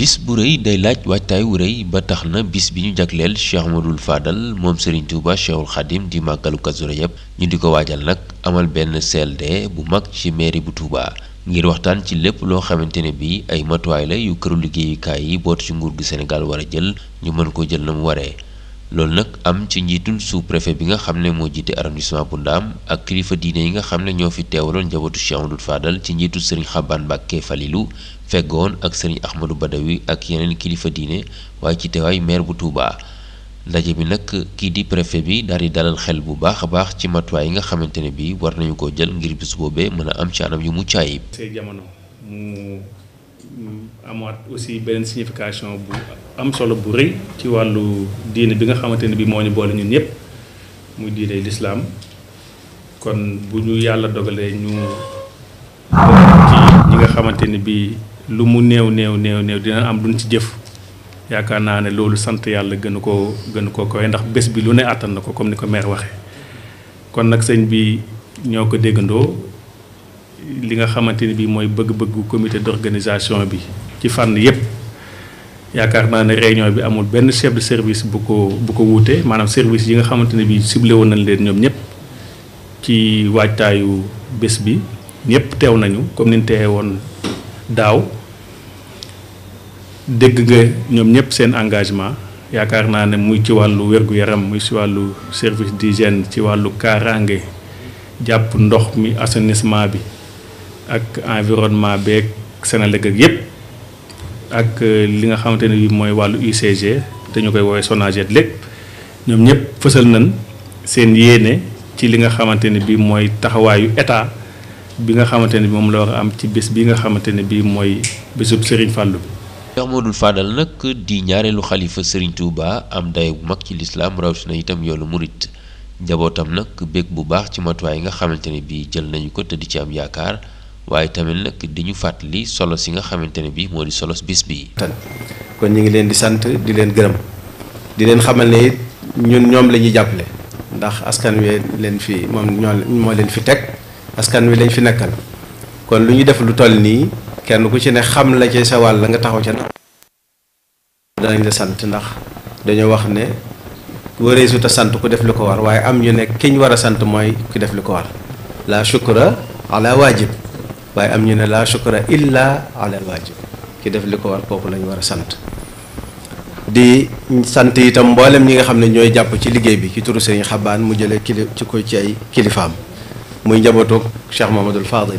bis bu rëy day laaj waajtaay wu rëy ba tax na bis bi ñu jagleel Cheikh Amadou Fadal moom Serigne Touba Cheikhul Khadim di màggalu Kazu Rajab ñu di ko waajal nag amal benn CLD bu mag ci mairie bu Touba ngir waxtaan ci lépp loo xamante ne bii ay matuwaay la yu këru liggéeyukaay yi bootu ci nguur gu Sénégal war a jël ñu mën ko jël na mu waree. loolu nag am ci njiitul sous préfet bi nga xam ne moo jiite arrondissement bu Ndaam ak kilifa diine yi nga xam ne ñoo fi teewaloon njabootu Cheikh Amadou Fadal ci njiitul sëriñ Xabaan Mbàkke Falilu feggoon ak sëriñ Ahmadou Badawi ak yeneen kilifa diine waaye ci teewaay maire bu Touba. ndaje bi nag kii di préfet bi daal di dalal xel bu baax a baax ci matuwaay yi nga xamante ne bi war nañu ko jël ngir bis bee mën a am ci anam yu mucc ayib. jamono amaat aussi beneen signification bu am solo bu rëy ci wàllu diine bi nga xamante ne bi moo ñu boole ñun ñëpp muy diine lislaam kon bu ñu yàlla dogalee ñu ci ñi nga xamante ne bi lu mu néew néew néew néew dina am luñ ci jëf yaakaar naa ne loolu sant yàlla gënu koo gënu koo koy ndax bés bi lu ne àttan na ko comme ni ko maire waxe kon nag sëñ bi ñoo ko déggandoo li nga xamante ni bii mooy bëgg-bëggu comité d'organisation bi ci fànn yépp yaakaar naa ne réunion bi amul benn chef de service bu ko bu ko wuute maanaam service yi nga xamante ne bii ciblé woon nañ leen ñoom ñépp ci waajtaayu bés bi ñépp teew nañu comme ni ñu teewee woon daaw dégg nga ñoom ñépp seen engagement yaakaar naa ne muy ci wàllu wérgu yaram muy ci wàllu service di d'hygiène ci wàllu kaaraange jàpp ndox mi assainissement bi ak environnement beeg Senelec ak yëpp ak euh, li nga xamante ne bi mooy wàllu UCG te ñu koy woowee Sonaged lépp ñoom ñëpp fësal nañ seen yéene ci li nga xamante ne bi mooy taxawaayu état bi nga xamante ne bi moom la war a am ci bés bi nga xamante ne bi mooy bésub Serigne Fallou bi Cheikh Modou nag di ñaareelu xalifa Serigne Touba am dayo bu mag ci lislaam rawatina itam yoonu murit njabootam nag bég bu baax ci matuwaay yi nga xamante ne bi jël nañu ko te di ci am yaakaar waaye tamit nag di ñu fàttali solo si nga xamante ne bii moo di solos bis bii. kon ñu ngi leen di sant di leen gërëm di leen xamal ne it ñun ñoom lañuy jàppale ndax askan wi leen fi moom ñoo moo leen fi teg askan wi lañ fi nekkal kon lu ñu def lu toll nii kenn ku ci ne xam la ci sa wàll nga taxaw ca nag. danañ la sant ndax dañoo wax ne wëreesut a sant ku def li ko war waaye am ñu ne ki ñu war a sant mooy ku def li ko war la shukra ala waajib waaye am ñu ne laa shukra illa ala waajib ki def li ko war kooku lañ war a sant di sant itam mboolem ñi nga xam ne ñooy jàpp ci liggéey bi ci turu Serigne Xabaan mu jëlee kili ci ko ci ay kilifaam muy njabootug Cheikh Mamadou Fadil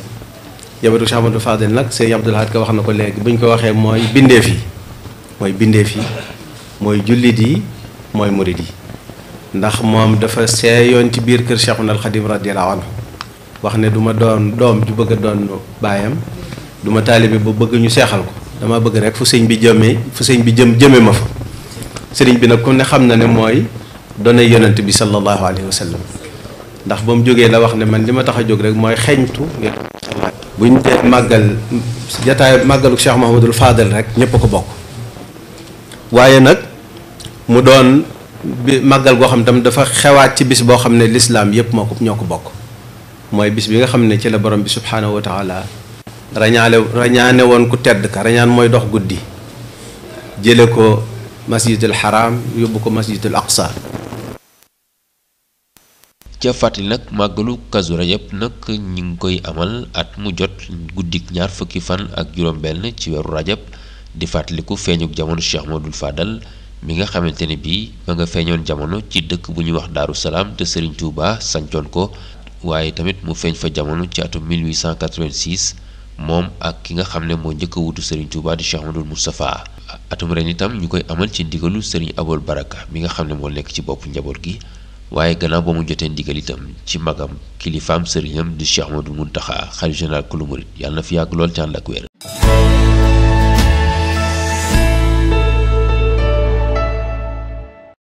njabootug Cheikh Mamadou Fadil nag Serigne Abdoul Ahad ka wax na ko léegi bu ñu ko waxee mooy bindeef yi mooy bindeef yi mooy jullit yi mooy murid yi ndax moom dafa seeyoon ci biir kër Cheikhul Khadim radiyallahu anhu wax ne du ma doon doom du bëgg a doon baayam du ma taalibe bu bëgg ñu seexal ko dama bëgg rek fu sëñ bi jëmee fu sëñ bi jëm jëmee ma fa sëriñ bi nag ku ne xam na ne mooy doonay yonent bi sallallahu alayhi wa sallam ndax ba mu jógee la wax ne man li ma tax a jóg rek mooy xeeñtu buñ dee màggal jataay màggalu Cheikh Mahamadul Fadel rek ñëpp ko bokk waaye nag mu doon màggal boo xam tam dafa xewaat ci bis boo xam ne lislaam yëpp moo ko ñoo ko bokk mooy bis bi nga xam ne ci la borom bi subhaanahu wa taala rañaale woon ku tedd ka rañaan mooy dox guddi jële ko masjidul xaraam yóbbu ko masjidul aqsa ca fàttali nag màggalu kazu rajab nag ñi ngi koy amal at mu jot guddik ñaar fukki fan ak juróom-benn ci weeru rajab di fàttaliku feeñuk jamono moo dul Fadal bi nga xamante ne bii ba nga feeñoon jamono ci dëkk bu ñuy wax Daaru Salaam te Serigne Touba sancoon ko waaye tamit mu feeñ fa jamono ci atum 1886 moom ak ki nga xam ne moo njëkk a wutu Serigne Touba di Cheikh Amadou Moustapha atum ren itam ñu koy amal ci ndigalu Serigne Abol Baraka mi nga xam ne moo nekk ci bopp njaboot gi waaye gannaaw ba mu jotee ndigal itam ci magam kilifaam sëriñam di Cheikh Amadou Mountakha xalifa général kulu yàlla fi yàgg lool ci ànd ak